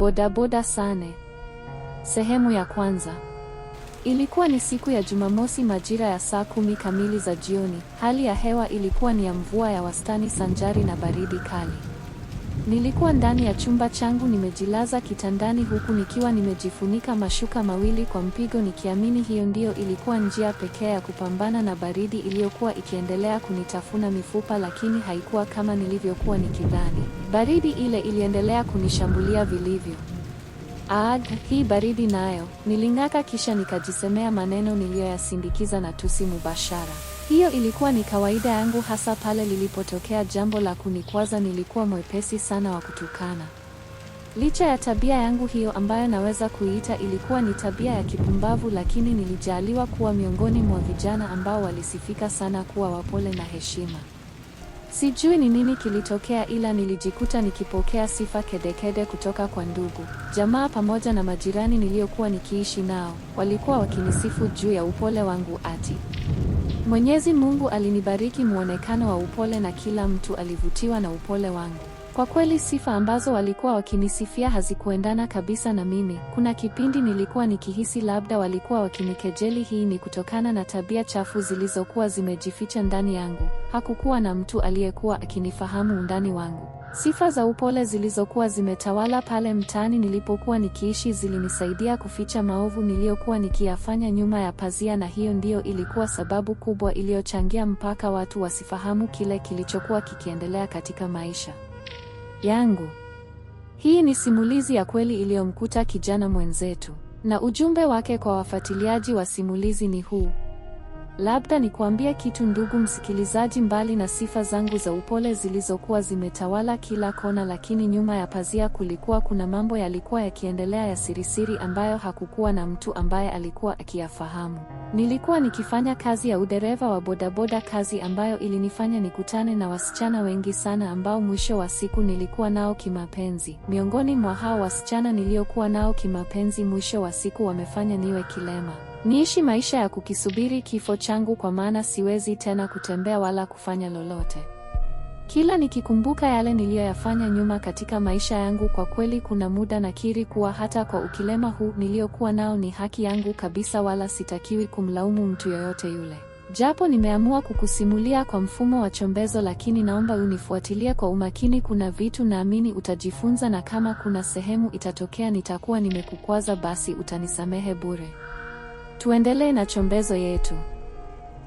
Bodaboda Sane. Sehemu ya kwanza. Ilikuwa ni siku ya Jumamosi majira ya saa kumi kamili za jioni. Hali ya hewa ilikuwa ni ya mvua ya wastani sanjari na baridi kali. Nilikuwa ndani ya chumba changu nimejilaza kitandani huku nikiwa nimejifunika mashuka mawili kwa mpigo nikiamini hiyo ndiyo ilikuwa njia pekee ya kupambana na baridi iliyokuwa ikiendelea kunitafuna mifupa lakini haikuwa kama nilivyokuwa nikidhani. Baridi ile iliendelea kunishambulia vilivyo. Aad, hii baridi nayo, niling'aka kisha nikajisemea maneno niliyoyasindikiza na tusi mubashara. Hiyo ilikuwa ni kawaida yangu, hasa pale lilipotokea jambo la kunikwaza. Nilikuwa mwepesi sana wa kutukana. Licha ya tabia yangu hiyo ambayo naweza kuiita ilikuwa ni tabia ya kipumbavu, lakini nilijaliwa kuwa miongoni mwa vijana ambao walisifika sana kuwa wapole na heshima. Sijui ni nini kilitokea ila nilijikuta nikipokea sifa kedekede kede kutoka kwa ndugu, jamaa pamoja na majirani niliyokuwa nikiishi nao. Walikuwa wakinisifu juu ya upole wangu ati Mwenyezi Mungu alinibariki muonekano wa upole na kila mtu alivutiwa na upole wangu. Kwa kweli sifa ambazo walikuwa wakinisifia hazikuendana kabisa na mimi. Kuna kipindi nilikuwa nikihisi labda walikuwa wakinikejeli. Hii ni kutokana na tabia chafu zilizokuwa zimejificha ndani yangu. Hakukuwa na mtu aliyekuwa akinifahamu undani wangu. Sifa za upole zilizokuwa zimetawala pale mtaani nilipokuwa nikiishi zilinisaidia kuficha maovu niliyokuwa nikiyafanya nyuma ya pazia, na hiyo ndiyo ilikuwa sababu kubwa iliyochangia mpaka watu wasifahamu kile kilichokuwa kikiendelea katika maisha yangu. Hii ni simulizi ya kweli iliyomkuta kijana mwenzetu, na ujumbe wake kwa wafuatiliaji wa simulizi ni huu. Labda nikuambie kitu ndugu msikilizaji, mbali na sifa zangu za upole zilizokuwa zimetawala kila kona, lakini nyuma ya pazia kulikuwa kuna mambo yalikuwa yakiendelea ya sirisiri ambayo hakukuwa na mtu ambaye alikuwa akiyafahamu. Nilikuwa nikifanya kazi ya udereva wa bodaboda, kazi ambayo ilinifanya nikutane na wasichana wengi sana ambao mwisho wa siku nilikuwa nao kimapenzi. Miongoni mwa hao wasichana niliokuwa nao kimapenzi, mwisho wa siku wamefanya niwe kilema. Niishi maisha ya kukisubiri kifo changu kwa maana siwezi tena kutembea wala kufanya lolote. Kila nikikumbuka yale niliyoyafanya nyuma katika maisha yangu, kwa kweli kuna muda nakiri kuwa hata kwa ukilema huu niliyokuwa nao ni haki yangu kabisa, wala sitakiwi kumlaumu mtu yoyote yule. Japo nimeamua kukusimulia kwa mfumo wa chombezo, lakini naomba unifuatilie kwa umakini. Kuna vitu naamini utajifunza, na kama kuna sehemu itatokea nitakuwa nimekukwaza, basi utanisamehe bure. Tuendelee na chombezo yetu.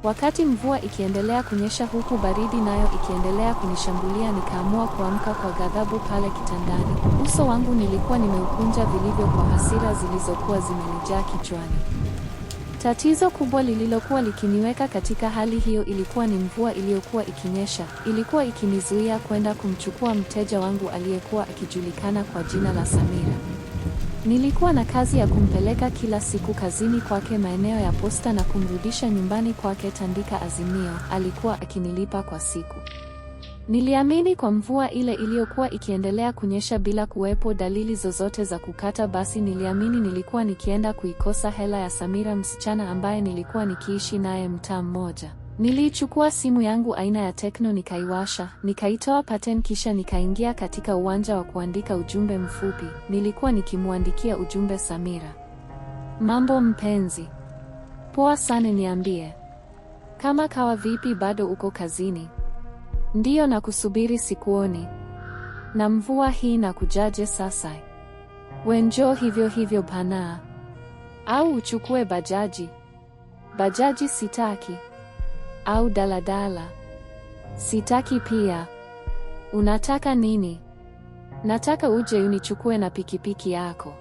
Wakati mvua ikiendelea kunyesha huku baridi nayo ikiendelea kunishambulia, nikaamua kuamka kwa ghadhabu pale kitandani. Uso wangu nilikuwa nimeukunja vilivyo kwa hasira zilizokuwa zimenijaa kichwani. Tatizo kubwa lililokuwa likiniweka katika hali hiyo ilikuwa ni mvua iliyokuwa ikinyesha, ilikuwa ikinizuia kwenda kumchukua mteja wangu aliyekuwa akijulikana kwa jina la Samira. Nilikuwa na kazi ya kumpeleka kila siku kazini kwake maeneo ya posta na kumrudisha nyumbani kwake Tandika Azimio. Alikuwa akinilipa kwa siku. Niliamini kwa mvua ile iliyokuwa ikiendelea kunyesha bila kuwepo dalili zozote za kukata, basi niliamini nilikuwa nikienda kuikosa hela ya Samira, msichana ambaye nilikuwa nikiishi naye mtaa mmoja. Niliichukua simu yangu aina ya Tecno nikaiwasha, nikaitoa pattern kisha nikaingia katika uwanja wa kuandika ujumbe mfupi. Nilikuwa nikimwandikia ujumbe Samira. Mambo mpenzi. Poa sana niambie. Kama kawa vipi bado uko kazini? Ndiyo na kusubiri sikuoni. Na mvua hii na kujaje sasa? Wenjo hivyo hivyo bana. Au uchukue bajaji. Bajaji sitaki au daladala. Sitaki pia. Unataka nini? Nataka uje unichukue na pikipiki yako.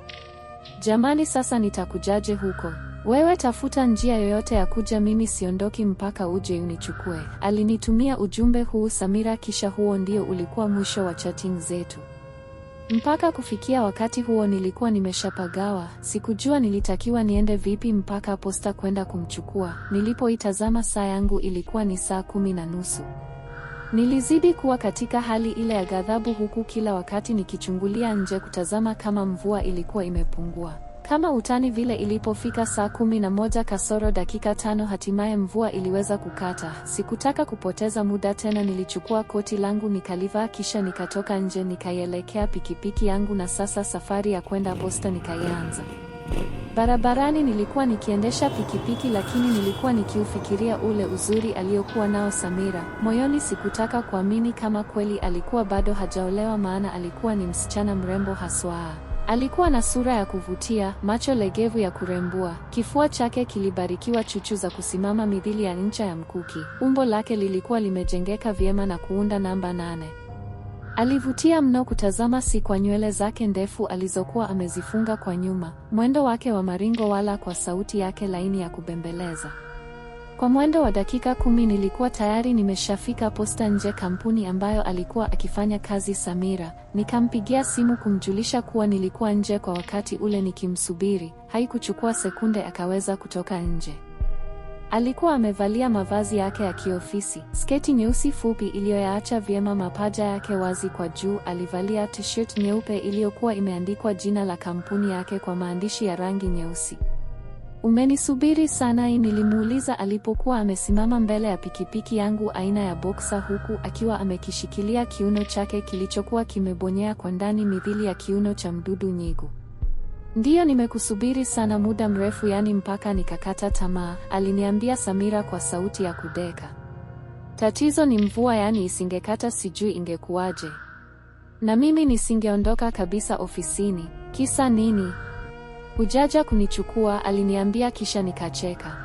Jamani, sasa nitakujaje huko? Wewe tafuta njia yoyote ya kuja, mimi siondoki mpaka uje unichukue. Alinitumia ujumbe huu Samira, kisha huo ndio ulikuwa mwisho wa chatting zetu. Mpaka kufikia wakati huo nilikuwa nimeshapagawa, sikujua nilitakiwa niende vipi mpaka posta kwenda kumchukua. Nilipoitazama saa yangu ilikuwa ni saa kumi na nusu. Nilizidi kuwa katika hali ile ya ghadhabu, huku kila wakati nikichungulia nje kutazama kama mvua ilikuwa imepungua kama utani vile. Ilipofika saa kumi na moja kasoro dakika tano hatimaye mvua iliweza kukata. Sikutaka kupoteza muda tena, nilichukua koti langu nikalivaa, kisha nikatoka nje nikaielekea pikipiki yangu, na sasa safari ya kwenda Posta nikaianza. Barabarani nilikuwa nikiendesha pikipiki, lakini nilikuwa nikiufikiria ule uzuri aliyokuwa nao Samira. Moyoni sikutaka kuamini kama kweli alikuwa bado hajaolewa, maana alikuwa ni msichana mrembo haswa. Alikuwa na sura ya kuvutia, macho legevu ya kurembua, kifua chake kilibarikiwa chuchu za kusimama midhili ya ncha ya mkuki. Umbo lake lilikuwa limejengeka vyema na kuunda namba nane. Alivutia mno kutazama, si kwa nywele zake ndefu alizokuwa amezifunga kwa nyuma, mwendo wake wa maringo, wala kwa sauti yake laini ya kubembeleza. Kwa mwendo wa dakika kumi nilikuwa tayari nimeshafika posta nje kampuni ambayo alikuwa akifanya kazi Samira. Nikampigia simu kumjulisha kuwa nilikuwa nje kwa wakati ule nikimsubiri. Haikuchukua sekunde akaweza kutoka nje. Alikuwa amevalia mavazi yake ya kiofisi, sketi nyeusi fupi iliyoyaacha vyema mapaja yake wazi kwa juu. Alivalia t-shirt nyeupe iliyokuwa imeandikwa jina la kampuni yake kwa maandishi ya rangi nyeusi. Umenisubiri sana hii, nilimuuliza alipokuwa amesimama mbele ya pikipiki yangu aina ya Boxer huku akiwa amekishikilia kiuno chake kilichokuwa kimebonyea kwa ndani mithili ya kiuno cha mdudu nyigu. Ndiyo, nimekusubiri sana muda mrefu, yaani mpaka nikakata tamaa, aliniambia Samira kwa sauti ya kudeka. Tatizo ni mvua, yaani isingekata sijui ingekuwaje. Na mimi nisingeondoka kabisa ofisini. Kisa nini? Hujaja kunichukua, aliniambia kisha nikacheka.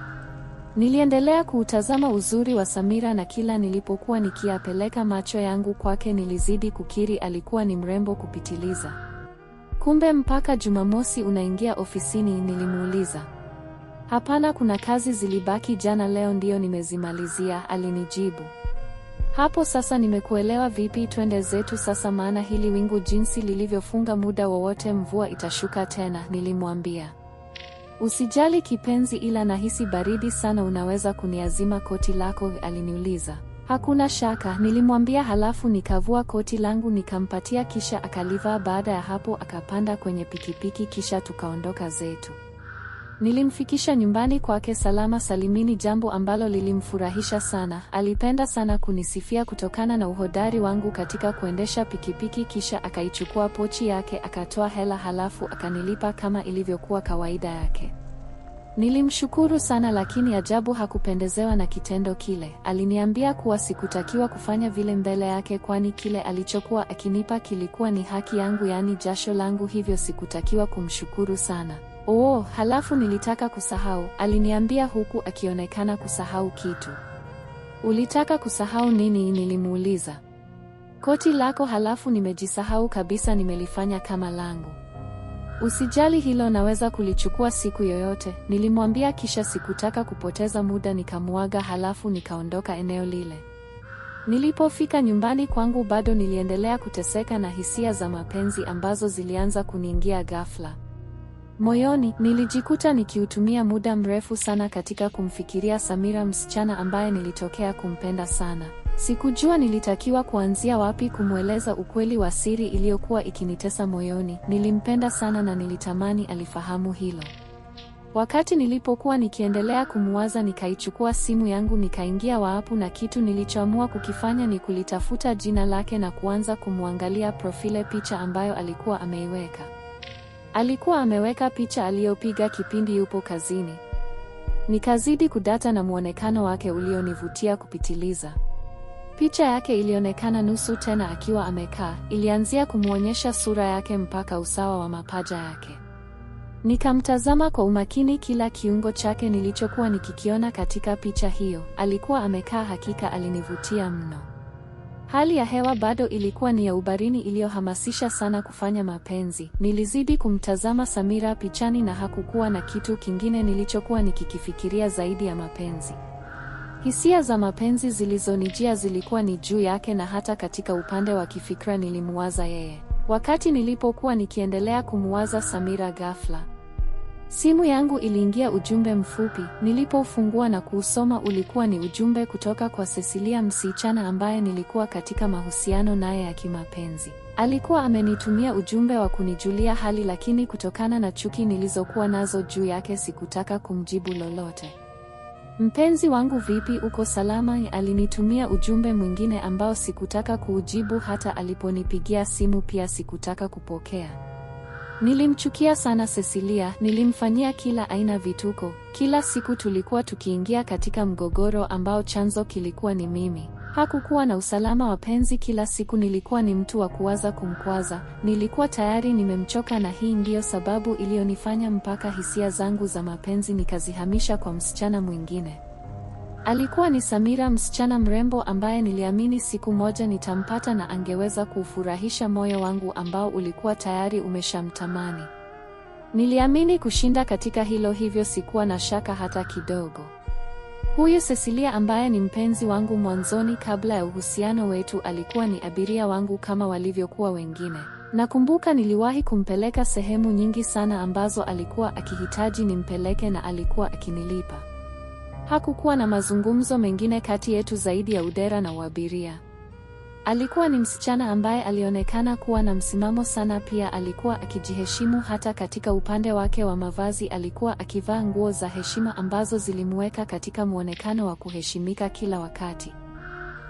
Niliendelea kuutazama uzuri wa Samira na kila nilipokuwa nikiyapeleka macho yangu kwake nilizidi kukiri alikuwa ni mrembo kupitiliza. Kumbe mpaka Jumamosi unaingia ofisini? Nilimuuliza. Hapana, kuna kazi zilibaki jana, leo ndiyo nimezimalizia, alinijibu. Hapo sasa nimekuelewa vipi, twende zetu sasa, maana hili wingu jinsi lilivyofunga, muda wowote mvua itashuka tena, nilimwambia. Usijali kipenzi, ila nahisi baridi sana, unaweza kuniazima koti lako? aliniuliza. Hakuna shaka, nilimwambia, halafu nikavua koti langu nikampatia, kisha akalivaa. Baada ya hapo akapanda kwenye pikipiki, kisha tukaondoka zetu. Nilimfikisha nyumbani kwake salama salimini, jambo ambalo lilimfurahisha sana. Alipenda sana kunisifia kutokana na uhodari wangu katika kuendesha pikipiki, kisha akaichukua pochi yake akatoa hela, halafu akanilipa kama ilivyokuwa kawaida yake. Nilimshukuru sana lakini ajabu hakupendezewa na kitendo kile. Aliniambia kuwa sikutakiwa kufanya vile mbele yake kwani kile alichokuwa akinipa kilikuwa ni haki yangu, yaani jasho langu, hivyo sikutakiwa kumshukuru sana. Oh, halafu nilitaka kusahau, aliniambia huku akionekana kusahau kitu. Ulitaka kusahau nini? Nilimuuliza. Koti lako. Halafu nimejisahau kabisa, nimelifanya kama langu. Usijali hilo, naweza kulichukua siku yoyote, nilimwambia, kisha sikutaka kupoteza muda nikamuaga, halafu nikaondoka eneo lile. Nilipofika nyumbani kwangu bado niliendelea kuteseka na hisia za mapenzi ambazo zilianza kuniingia ghafla. Moyoni nilijikuta nikiutumia muda mrefu sana katika kumfikiria Samira, msichana ambaye nilitokea kumpenda sana. Sikujua nilitakiwa kuanzia wapi kumweleza ukweli wa siri iliyokuwa ikinitesa moyoni. Nilimpenda sana na nilitamani alifahamu hilo. Wakati nilipokuwa nikiendelea kumuwaza, nikaichukua simu yangu nikaingia waapu, na kitu nilichoamua kukifanya ni kulitafuta jina lake na kuanza kumwangalia profile picha ambayo alikuwa ameiweka. Alikuwa ameweka picha aliyopiga kipindi yupo kazini. Nikazidi kudata na muonekano wake ulionivutia kupitiliza. Picha yake ilionekana nusu tena akiwa amekaa, ilianzia kumwonyesha sura yake mpaka usawa wa mapaja yake. Nikamtazama kwa umakini kila kiungo chake nilichokuwa nikikiona katika picha hiyo. Alikuwa amekaa, hakika alinivutia mno. Hali ya hewa bado ilikuwa ni ya ubarini iliyohamasisha sana kufanya mapenzi. Nilizidi kumtazama Samira pichani na hakukuwa na kitu kingine nilichokuwa nikikifikiria zaidi ya mapenzi. Hisia za mapenzi zilizonijia zilikuwa ni juu yake na hata katika upande wa kifikra nilimwaza yeye. Wakati nilipokuwa nikiendelea kumwaza Samira ghafla Simu yangu iliingia ujumbe mfupi, nilipofungua na kuusoma ulikuwa ni ujumbe kutoka kwa Cecilia msichana ambaye nilikuwa katika mahusiano naye ya kimapenzi. Alikuwa amenitumia ujumbe wa kunijulia hali lakini kutokana na chuki nilizokuwa nazo juu yake sikutaka kumjibu lolote. Mpenzi wangu vipi uko salama? Alinitumia ujumbe mwingine ambao sikutaka kuujibu hata aliponipigia simu pia sikutaka kupokea. Nilimchukia sana Cecilia, nilimfanyia kila aina vituko. Kila siku tulikuwa tukiingia katika mgogoro ambao chanzo kilikuwa ni mimi. Hakukuwa na usalama wa penzi, kila siku nilikuwa ni mtu wa kuwaza kumkwaza. Nilikuwa tayari nimemchoka na hii ndiyo sababu iliyonifanya mpaka hisia zangu za mapenzi nikazihamisha kwa msichana mwingine. Alikuwa ni Samira, msichana mrembo ambaye niliamini siku moja nitampata na angeweza kuufurahisha moyo wangu ambao ulikuwa tayari umeshamtamani. Niliamini kushinda katika hilo, hivyo sikuwa na shaka hata kidogo. Huyu Cecilia ambaye ni mpenzi wangu mwanzoni kabla ya uhusiano wetu alikuwa ni abiria wangu kama walivyokuwa wengine. Nakumbuka niliwahi kumpeleka sehemu nyingi sana ambazo alikuwa akihitaji nimpeleke na alikuwa akinilipa. Hakukuwa na mazungumzo mengine kati yetu zaidi ya udera na uabiria. Alikuwa ni msichana ambaye alionekana kuwa na msimamo sana. Pia alikuwa akijiheshimu, hata katika upande wake wa mavazi alikuwa akivaa nguo za heshima ambazo zilimweka katika muonekano wa kuheshimika kila wakati.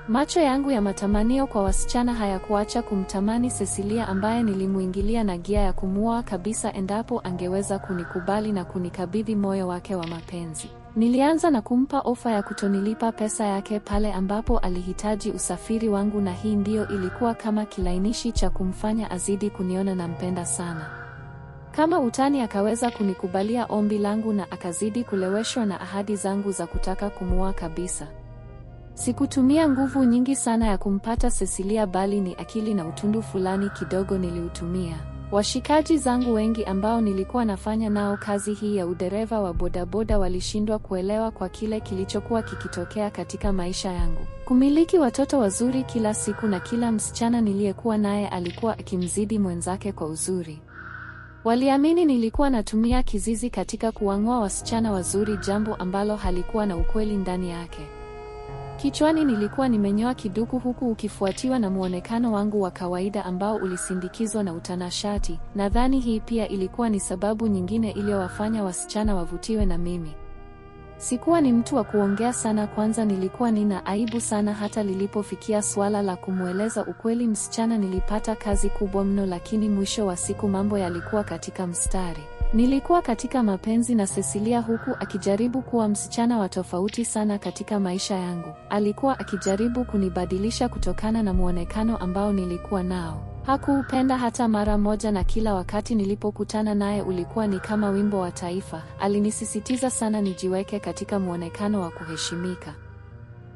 Macho yangu ya matamanio kwa wasichana hayakuacha kumtamani Cecilia ambaye nilimuingilia na gia ya kumuoa kabisa endapo angeweza kunikubali na kunikabidhi moyo wake wa mapenzi. Nilianza na kumpa ofa ya kutonilipa pesa yake pale ambapo alihitaji usafiri wangu na hii ndiyo ilikuwa kama kilainishi cha kumfanya azidi kuniona nampenda sana. Kama utani akaweza kunikubalia ombi langu na akazidi kuleweshwa na ahadi zangu za kutaka kumua kabisa. Sikutumia nguvu nyingi sana ya kumpata Cecilia bali ni akili na utundu fulani kidogo niliutumia. Washikaji zangu wengi ambao nilikuwa nafanya nao kazi hii ya udereva wa bodaboda walishindwa kuelewa kwa kile kilichokuwa kikitokea katika maisha yangu. Kumiliki watoto wazuri kila siku na kila msichana niliyekuwa naye alikuwa akimzidi mwenzake kwa uzuri. Waliamini nilikuwa natumia kizizi katika kuwang'oa wasichana wazuri, jambo ambalo halikuwa na ukweli ndani yake. Kichwani nilikuwa nimenyoa kiduku huku ukifuatiwa na muonekano wangu wa kawaida ambao ulisindikizwa na utanashati. Nadhani hii pia ilikuwa ni sababu nyingine iliyowafanya wasichana wavutiwe na mimi. Sikuwa ni mtu wa kuongea sana kwanza nilikuwa nina aibu sana hata lilipofikia suala la kumweleza ukweli msichana nilipata kazi kubwa mno lakini mwisho wa siku mambo yalikuwa katika mstari. Nilikuwa katika mapenzi na Cecilia huku akijaribu kuwa msichana wa tofauti sana katika maisha yangu. Alikuwa akijaribu kunibadilisha kutokana na muonekano ambao nilikuwa nao. Hakuupenda hata mara moja na kila wakati nilipokutana naye ulikuwa ni kama wimbo wa taifa. Alinisisitiza sana nijiweke katika muonekano wa kuheshimika.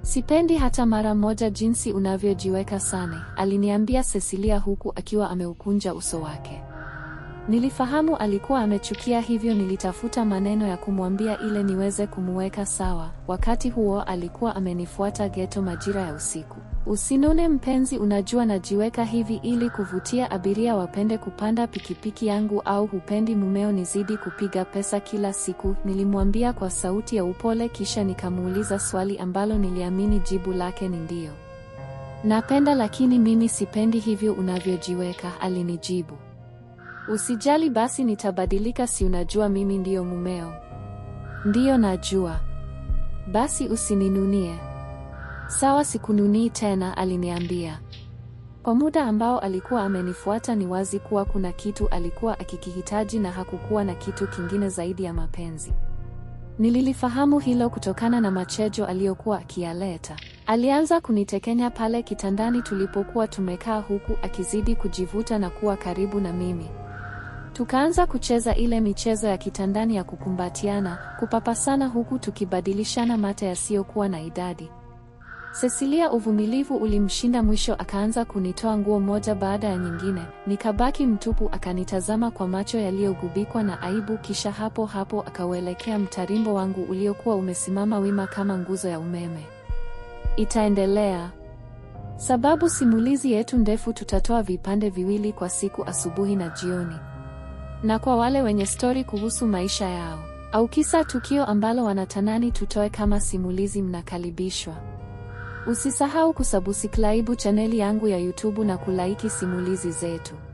Sipendi hata mara moja jinsi unavyojiweka sana, aliniambia Cecilia huku akiwa ameukunja uso wake. Nilifahamu alikuwa amechukia, hivyo nilitafuta maneno ya kumwambia ile niweze kumuweka sawa. Wakati huo alikuwa amenifuata geto majira ya usiku. Usinone mpenzi, unajua najiweka hivi ili kuvutia abiria wapende kupanda pikipiki yangu, au hupendi mumeo nizidi kupiga pesa kila siku? Nilimwambia kwa sauti ya upole, kisha nikamuuliza swali ambalo niliamini jibu lake ni ndio. Napenda, lakini mimi sipendi hivyo unavyojiweka, alinijibu. Usijali basi, nitabadilika. Si unajua mimi ndiyo mumeo? Ndiyo najua. Basi usininunie. Sawa, sikununii tena, aliniambia. Kwa muda ambao alikuwa amenifuata, ni wazi kuwa kuna kitu alikuwa akikihitaji na hakukuwa na kitu kingine zaidi ya mapenzi. Nililifahamu hilo kutokana na machejo aliyokuwa akiyaleta. Alianza kunitekenya pale kitandani tulipokuwa tumekaa, huku akizidi kujivuta na kuwa karibu na mimi. Tukaanza kucheza ile michezo ya kitandani ya kukumbatiana, kupapasana huku tukibadilishana mate yasiyokuwa na idadi. Cecilia uvumilivu ulimshinda mwisho akaanza kunitoa nguo moja baada ya nyingine, nikabaki mtupu akanitazama kwa macho yaliyogubikwa na aibu kisha hapo hapo akauelekea mtarimbo wangu uliokuwa umesimama wima kama nguzo ya umeme. Itaendelea. Sababu simulizi yetu ndefu tutatoa vipande viwili kwa siku asubuhi na jioni na kwa wale wenye stori kuhusu maisha yao au kisa tukio ambalo wanatanani tutoe kama simulizi, mnakaribishwa. Usisahau kusabusiklaibu chaneli yangu ya YouTube na kulaiki simulizi zetu.